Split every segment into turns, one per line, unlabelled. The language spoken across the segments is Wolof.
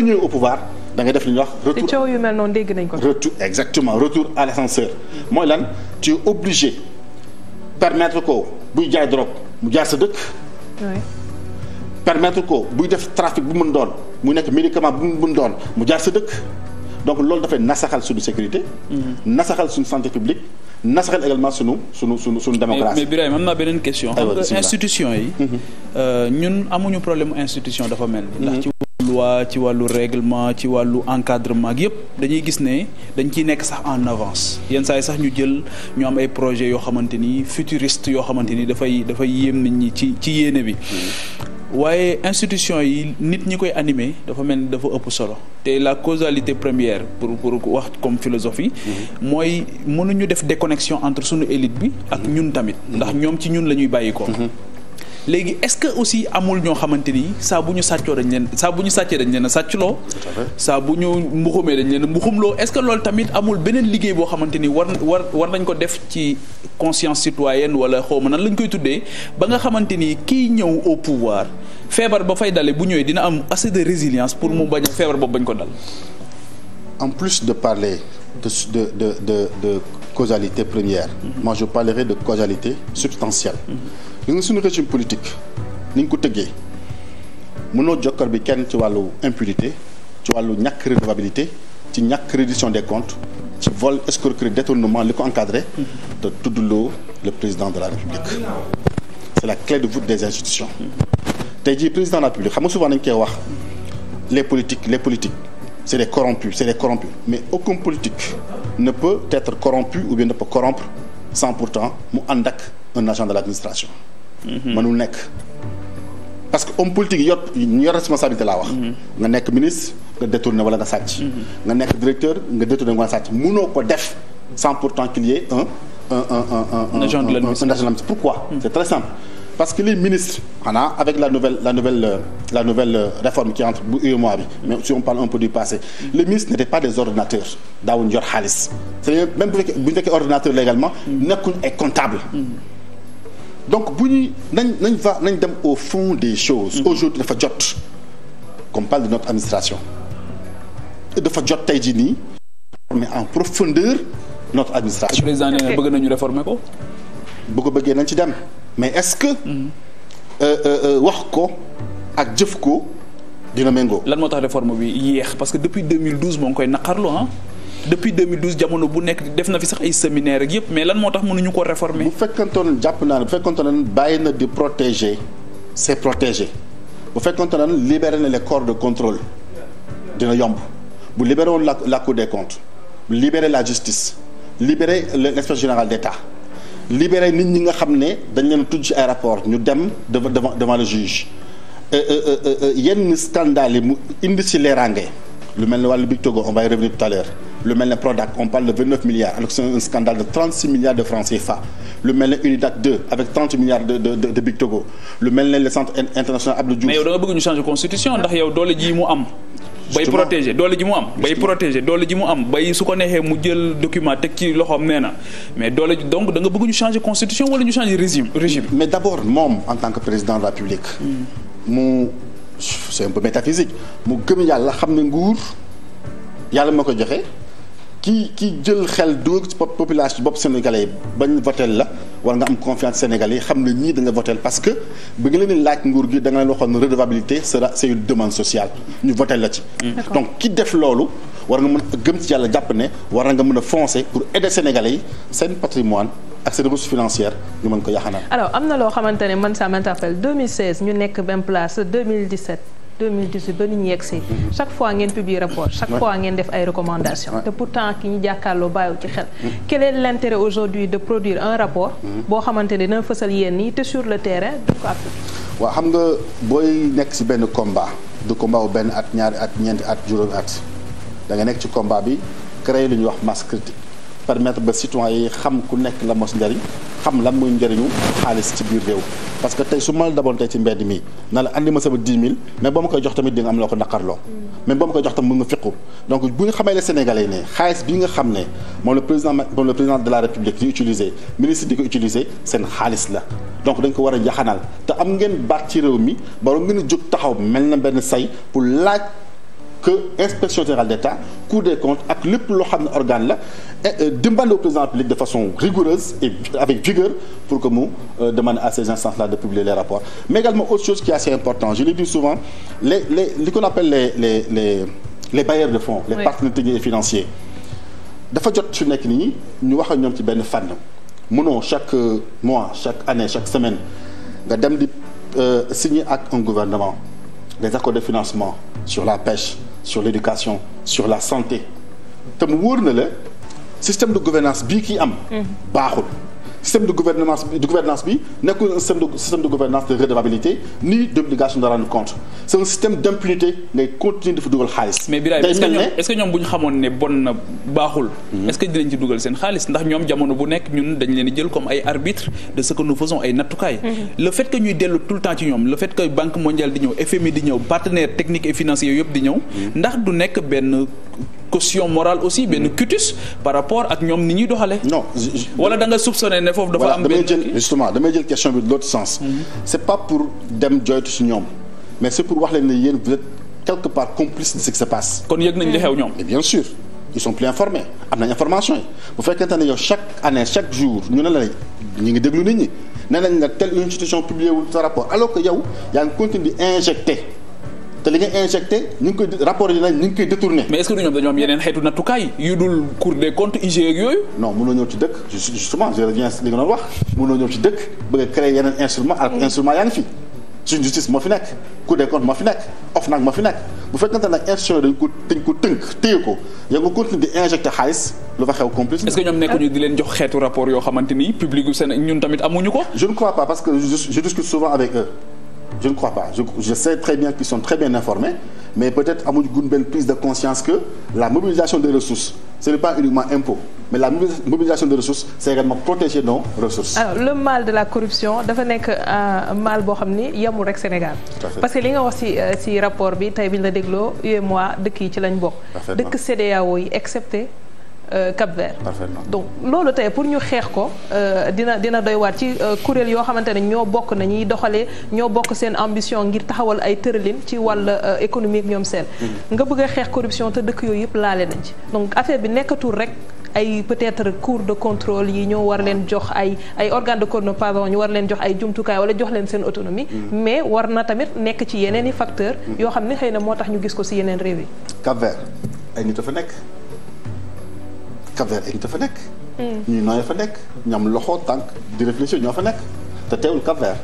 boo ñëwee au pouvoir da def li ñuy wax. retour te coow yu mel noonu dégg nañ ko. retour mooy lan tu es obligé permettre ko buy jaay drogue mu jaar sa dëkk. permettre ko buy def trafic bu mun doon mu nekk médicament bu mën doon mu jaar sa dëkk donc loolu dafay nasaxal suñu sécurité. Mm-hmm. nasaxal suñu santé publique. nasaxal également sunu sunu sunu sunu démocratie. mais
Birahim am naa beneen question. Ah institution yi. Mm-hmm. Euh, ñun amuñu problème institution dafa mel. Mm-hmm. loi ci wàllu réglement ci wàllu encadrement yépp dañuy gis ne dañ ciy nekk sax en avance yenn saa yi sax ñu jël ñu am ay projet yoo xamante ni futuriste yoo xamante ni dafay dafay yéem nit ñi ci ci yéene bi waaye institution yi nit ñi koy animer dafa mel ni dafa ëpp solo te la causalité première pour pour wax comme philosophie. mooy mënuñu def déconnexion entre sunu élite bi. ak ñun tamit. ndax ñoom ci ñun la ñuy bàyyi ko. Mm-hmm. léegi est-ce que aussi amul ñoo xamante ni saa bu ñu sàccoo dañ leen saa bu ñu sàccee dañ leen a sàccloo saa bu ñu mbuxumee dañ leen a mbuxumloo est-ce que loolu tamit amul beneen liggéey boo xamante ni war war war nañ ko def ci conscience citoyenne wala xaw ma nan lañ koy tuddee ba nga xamante ni kiy ñëw au pouvoir feebar ba fay dale bu ñëwee dina am assez de résilience pour mu bañ a feebar boobu bañ ko dal
en plus de parler de de de de, de causalité première mm -hmm. parlerai de causalité substantielle mm gis nga suñu régime politique ni ñu ko tëggee mënoo jokkar bi kenn ci wàllu impunité ci wàllu ñàkk redevabilité ci ñàkk reddition des comptes ci vol escroquerie détournement li ko encadré te tuddloo le président de la république c'est la clé de voûte des institutions tey jii président de la république xam nga souvent dañ koy wax les politiques les politiques c'est des corrompus c'est des corrompus mais aucun politique ne peut être corrompu ou bien ne peut corrompre sans pourtant mu ànd ak un agent de l'administration mënul mhm. nekk parce que homme politique yi yor ñu yor responsabilité laa wax mhm. nga nekk ministre nga détourné wala nga sàcc mhm. nga nekk directeur nga détourné wala nga sàcc mënoo ko def sans pourtant qu'il y ait un un un un agent de l'administration pourquoi c'est très simple parce que les ministres xanaa avec la nouvelle la nouvelle euh, la nouvelle euh, réforme qui entre bu UEMOA bi mais si on parle un peu du passé les ministres n'étaient pas des ordinateurs daawuñu yor xaalis c'est même bu fekkee bu ñu fekkee ordinateur légalement donc bu ñuy nañ nañ va nañ dem au fond des choses. Mhm. aujourd'hui dafa jot qu'on parle de notre administration. dafa jot tey jii nii. mais en profondeur notre administration. président nee na bëgg nañu réformer ko. bu ko bëggee nañ ci dem mais est-ce que. Mhm.
Euh, euh, euh, wax ko ak jëf ko dina méngoo. lan moo tax réforme bi yéex parce que depuis moo ngi koy naqarlu depuis 2012 jamono bu nekk def na fi sax ay séminaire ak yëpp mais lan moo tax mënuñu ko réformer. bu
fekkantoon jàpp naa ne bu bàyyi na di protéger c'est protégé bu fekkantoon ne libéré na les corps de contrôle dina yomb bu libéré woon la la cour des comptes libérer la justice libérer l'inspection générale d'État libérer nit ñi nga xam ne dañ leen tudd ci aéroport ñu dem devant devant le juge euh, euh, euh, yenn scandale yi mu indi ci leeraange. lu mel ne wàllu Big Togo on va y revenir tout à l'heure lu mel ne Prodac on parle de 29 milliards alors que c'est un scandale de 36 milliards de francs CFA lu mel ne Unidac 2 avec milliards de de de,
de
le centre international Abdou Diouf. mais yow
bëgg ñu changer constitution ndax yow doole ji mu am. bay protéger doole ji mu am bay su ko neexee mu jël document teg ci loxoom nee na mais doole donc da bëgg ñu changer constitution wala ñu changer régime c'est un peu métaphysique mu gëm yàlla
xam ne nguur yàlla ma ko joxe ki ki jël xel dóor ci population bopp sénégalais yi bañ votel la war nga am confiance sénégalais yi xam ne ñii da nga votel parce que bi nga leen di laaj nguur gi da nga leen waxoon redevabilité sera c'est demande sociale ñu votel la ci donc ki def loolu war nga mën gëm ci yàlla jàpp ne war nga mun a foncer pour aider sénégalais yi seen patrimoine ak seen ressources financières ñu mën ko yaxanal.
alors am na loo xamante ne man ça m'interpelle 2016 ñu nekk même place 2017. 2018 ba nit ñi yegg si mhm. chaque fois ngeen publie rapport chaque fois ngeen def ay recommandations te pourtant ki ñu jàkkaarloo bàyyiwu ci xel mhm. quel est aujourd'hui de produire un rapport mhm. boo xamante ne dina fësal yenn yi te sur le terrain duñ ko
appliquer waaw xam nga booy nekk si benn combat du combat wu benn ak ñaar ak ñeent ak juróomi at da nga nekk ci combat bi créer lu ñuy wax masse critique permettre ba citoyen yi xam ku nekk la mos njëriñ xam lan muy njëriñu xaalis ci biir réew parce que tey su ma daboon tey ci mbedd mi na la andi ma sama mais boo ma koy jox tamit di am loo ko naqarloo mm. mais boo ma koy jox tamit mun xam ne moom le président de la République di utiliser ministre di ko utiliser seen xaalis la donc dañ ko war a yaxanal te am ngeen baat ci réew mi baro ngeen jóg taxaw mel na benn say pour laaj que inspection générale d'État Cour des comptes ak lépp loo xam ne organe la euh, dimbale au président de façon rigoureuse et avec vigueur pour que mu euh, demande à ces instances-là de publier les rapports mais également autre chose qui est assez important je le dis souvent les les li qu'on appelle les les les les de fonds les oui. partenaires techniques et financiers dafa jot su nekk nii ñu wax ak ñoom ci benn fànn mënoo chaque euh, mois chaque année chaque semaine nga dem di signer ak un gouvernement des accords de financement sur la pêche sur l'éducation sur la santé te mu wóor na la système de gouvernance bii kii am mm-hmm. baaxul système de gouvernance de gouvernance bi nekkul système de gouvernance de redevabilité ni d'obligation de rendre compte c'est système d'impunité ngay continuer dafa dugal xaalis.
mais Birahim est-ce que ñoom ñoom bu ñu xamoon ne bon na baaxul. Mhm. est-ce dinañ ci dugal seen xaalis ndax ñoom jamono bu nekk ñun dañ leen di jël comme ay arbitre de ce que nous faisons ay nattukaay. Mhm. le fait que ñuy dellu tout le temps ci ñoom le fait que banque mondiale di ñëw FMI di ñëw partenaires techniques caution morale aussi benn mm. cutus par rapport ak ñoom ni ñuy doxalee. non wala da nga soupçonné ne foofu dafa am. benn kii
voilà justement damay jël question bi de l'autre sens. Mm-hmm. c'est pas pour dem joytu si ñoom mais c'est pour wax leen ne yéen vous êtes quelque part complice de ce qui se passe. kon yëg nañ li xew ñoom. bien sûr. ils sont plus informés am nañ information yi bu fekkente ne yow chaque année chaque jour ñu ne la ñu ngi déglu nit ñi ne nañ la telle institution publié wul sa rapport alors que yow yaa ngi continue te li ngay injecté ñu ngi koy rapport yi nag ñu ngi koy détourné. mais est-ce que ñoom
dañoo am yeneen xeetu nattukaay yu dul cour des comptes IGE yooyu. non mënoo ñëw
ci dëkk a justice moo fi nekk cour des comptes moo fi nekk OFNAC moo fi nekk bu fekkante nag institution dañ ko dañ tënk téye ko yaa ngi continuer di injecté xaalis lu fa xew complice. est-ce que ñoom nekkuñu di leen jox xeetu rapport yoo xamante ni public yu seen ñun tamit amuñu ko. je ne crois que je ne crois pas je, je sais très bien qu'ils sont très bien informés mais peut-être amuñu gun benn prise de conscience que la mobilisation des ressources ce n'est pas uniquement impôt mais la mobilisation des ressources c'est également protéger nos ressources. le
mal de la corruption dafa nekk euh, mal boo xam ni yemul rek Sénégal. parce que li nga wax ci euh, ci rapport bi tey bi ñu la dégloo UEMOA dëkk yi ci lañ bokk. dëkk CEDEAO yi excepté. Euh, Cap-Vert donc loolu tey pour ñu xeex ko euh, dina dina doy waat ci euh, kuréel yoo xamante ne ñoo bokk na ñuy doxalee ñoo bokk seen ambition ngir taxawal ay tëralin ci wàll économique ñoom seen mm-hmm. nga bëgg a xeex corruption te dëkk yooyu yëpp laale nañ ci donc affaire bi nekkatul rek ay peut-être cours de contrôle yi ñoo war leen jox ay ay organes de contrôle pardon ñu war leen jox ay jumtukaay wala jox leen seen autonomie. Mm-hmm. mais war na tamit nekk ci yeneen i facteurs. Mm-hmm. yoo xam ne xëy na moo tax ñu gis ko si yeneen réew yi.
Cap-Vert ay Cap-Vert équipe dafa nekk. Mm. ñuy nooyee fa nekk ñam loxo tànk di réfléchir ñoo fa nekk te teewul Cap-Vert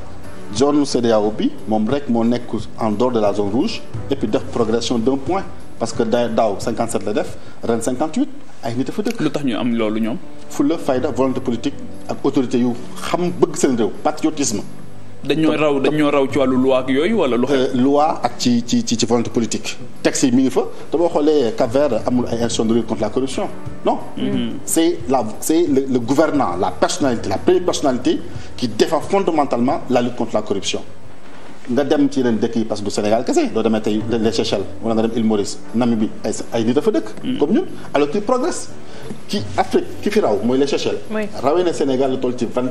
zone CEDEAO bi moom rek moo nekku en dehors de la zone rouge et def progression d'un point parce que daaw 57 la def ren 58 ay nit dafa dëkk. lu tax ñu am loolu ñoom. fulla fayda volonté politique ak autorité yu xam bëgg seen réew patriotisme.
dañoo raw dañoo raw ci wàllu loi ak yooyu wala lu. Euh, loi
ak ci ci ci ci volonté politique. texte yi mi ngi fa te boo xoolee cap amul ay institutions de la corruption non. Mm-hmm. c'est la c'est le le gouvernant la personnalité la première personnalité qui défend fondamentalement la lutte contre la corruption. nga dem ci yeneen dëkk yi parce que du Sénégal kese doo demee tey les Seychelles wala nga dem île Maurice Namibie ay ay nit dafa dëkk. Mm. comme ñun alors qu'il progresse. ki Afrique ki fi raw mooy le Seychelles. rawee na Sénégal lu toll ci vingt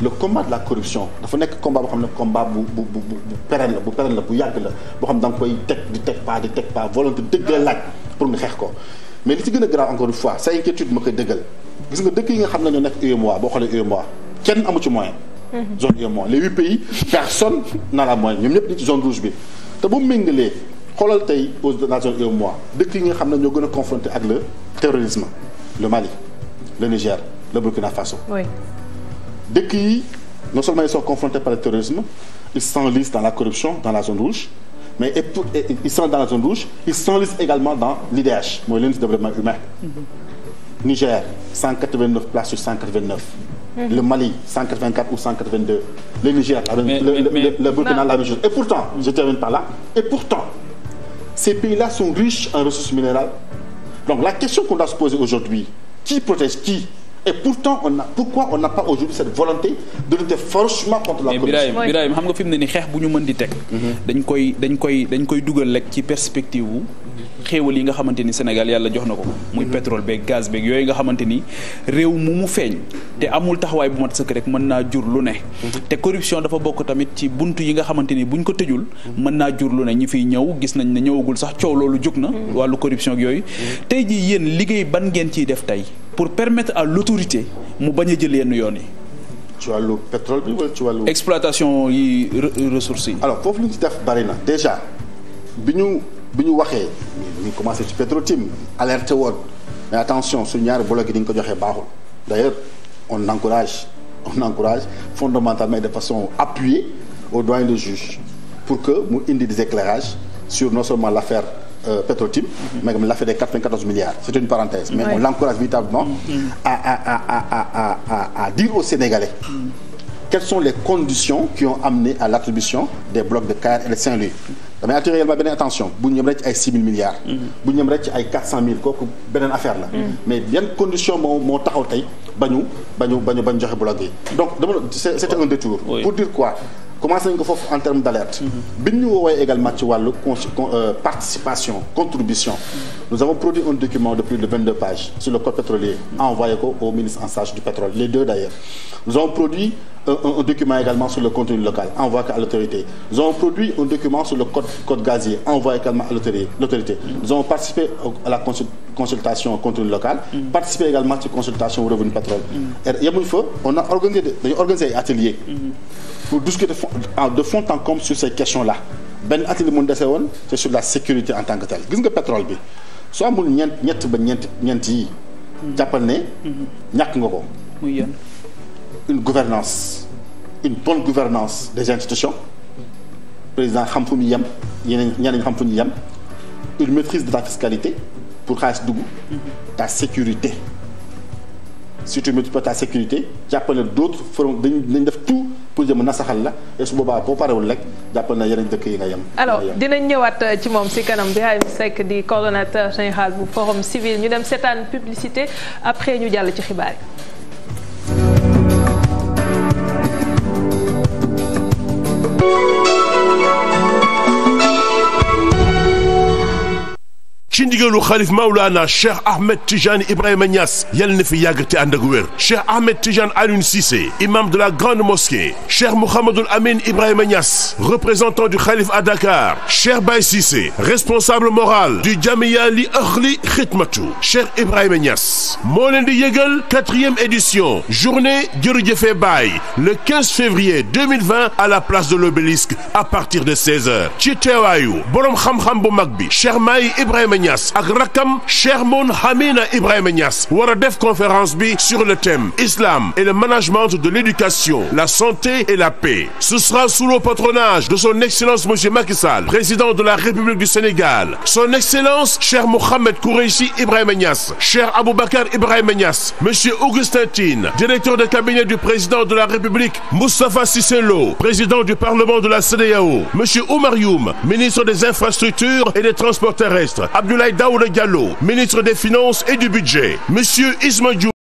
le combat de la corruption dafa nekk combat boo xam ne combat bu bu bu bu pérenne la bu pérenne bu yàgg la boo xam ne da koy teg di teg pas di teg pas volonté dëgg laaj pour nga xeex ko mais li ci gën a grave encore une fois sa inquiétude ma koy dëggal gis nga dëkk yi nga xam ne ñoo nekk UEMOA boo xoolee UEMOA kenn amu ci moyen. Mhm. zone UEMOA n'a la ñoom ñëpp ñi bi te bu méngalee xoolal tey aux la zone UEMOA dëkk yi nga xam ne ñoo gën a confronté ak le terrorisme le Mali le Niger le Burkina Faso. dëkk yi non seulement ils sont confrontés par le terrorisme ils s'enlisent mais et pour et, ils sont dans la zone rouge ils s'enlisent également dans l'IDH mooy l'indice de développement humain
mm-hmm.
Niger 189 places sur 189 mm-hmm. le Mali 184 ou en ressources minérales donc la question qu'on doit se poser aujourd'hui qui protège et pourtant on a pourquoi on n'a pas aujourd'hui cette volonté de lutter franchement contre la corruption. mais Birahim xam nga
fi mu ne ni xeex bu ñu mën di teg. Mhm. dañ koy dañ koy dañ koy dugal rek ci perspective wu. xéewal yi nga xamante ni Sénégal yàlla jox na ko muy pétrole beeg gaz beeg yooyu nga xamante ni réew mu mu feeñ te amul taxawaay bu mat sëkk rek mën naa jur lu ne te corruption dafa bokk tamit ci bunt yi nga xamante ni buñ ko tëjul mën naa jur lu ne ñi fiy ñëw gis nañ ne ñëwagul sax coow loolu jóg na wàllu corruption yooyu tey jii yéen liggéey ban ngeen ciy def tey pour permettre à l'autorité mu bañ a jël yenn yoon yi ci wàllu pétrole bi ci wàllu. exploitation yi ressources
yi. alors foofu li na déjà bi ñu waxee ñu commencé ci Petro-Tim alerté mais attention su ñaari bloc yi di ñu ko joxee baaxul d'ailleurs on encourage on encourage fondamentalement de façon appuyée au doyen de juge pour que mu indi des éclairages sur non seulement l'affaire euh, Petro-Tim mm-hmm. mais comme l'affaire des 94 milliards c'est une parenthèse mais oui. on l'encourage véritablement mm-hmm. à à à dire aux Sénégalais mm-hmm. quelles sont les conditions qui ont amené à l'attribution des blocs de Cayar et de Saint-Louis damay attirer yéen ma attention bu ñu ñëm ci ay milliards mm-hmm. bu ñu ñëm ci ay kooku beneen affaire la mm-hmm. mais yan condition moo moo tey ba ñu ba joxe bloc donc dama un détour pour dire quoi commencé ko foofu en terme d' alerte. Mm-hmm. bi ñu woowee également ci wàllu euh, participation contribution. nous avons produit un document de plus de vingt deux pages sur le code pétrolier. envoyé ko au ministre en charge du pétrole les deux d' ailleurs. nous avons produit un, un, un document également sur le contenu local envoyé à l'autorité. Nous avons produit un document sur le code, code gazier envoyé également à l'autorité. Nous avons participé à la consultation contenu local, mm. participé également à la consultation revenu pétrole. Mm. Et yemuñu fa on a organisé dañu organisé ay ateliers mm. pour discuter de fond en comble sur ces questions-là. benn atelier mun dese woon c'est sur la sécurité en tant que telle gis nga pétrole bi soo ñett ba ñeent ñeent yi jàppal ne mm-hmm. ñàkk nga ko une gouvernance une bonne gouvernance des institutions président xam fu mu yem yeneen ñeneen xam fu ñu yem une maîtrise de la fiscalité pour xaalis dugg ta sécurité si tu maîtrises pas ta sécurité jàppale d'autres feront dañ dañ def tout pour jëm nasaxal la et su boobaa boo parewul rek jàppal na yeneen dëkk yi nga yam
aloo dinañ ñëwaat euh, ci moom si kanam Birahim Seck di coordonnateur général bu forum civil ñu dem seetaan publicité après ñu jàll ci xibaar yi.
Thank you. ci ndigalu xalif Maulana Cheikh Ahmed Tidiane Ibrahima Niass yal na fi yàgg te ànd ak wér Cheikh Ahmed Tidiane Alioune Cissé imam de la grande mosquée Cheikh Mouhamadul Amin Ibrahima Niass représentant du xalif à Dakar cher Baye Cissé responsable moral du Jamia li Akhli Khidmatu Cheikh Ibrahima Niass moo leen di yëgal quatrième édition journée jërëjëfee Baye le 15 février 2020 à la place de l'obélisque à partir de 16h ci teewaayu borom xam-xam bu mag bi Cheikh Niass ak rakkam Cheikh Moun Hamina Ibrahima Niass war a def conférence bi sur le thème Islam et le management de l'éducation, la santé et la paix. Ce sera sous le patronage de son excellence monsieur Macky président de la République du Sénégal, son excellence Cheikh Mohamed Koureyssi Ibrahima Niass, Cheikh Aboubacar Ibrahima Niass, monsieur Augustin Tine, directeur de cabinet du président de la République, Moustapha Cissé président du Parlement de la CEDEAO, monsieur Oumar Abdoulaye Daouda Diallo, ministre a Finances et du Budget, Monsieur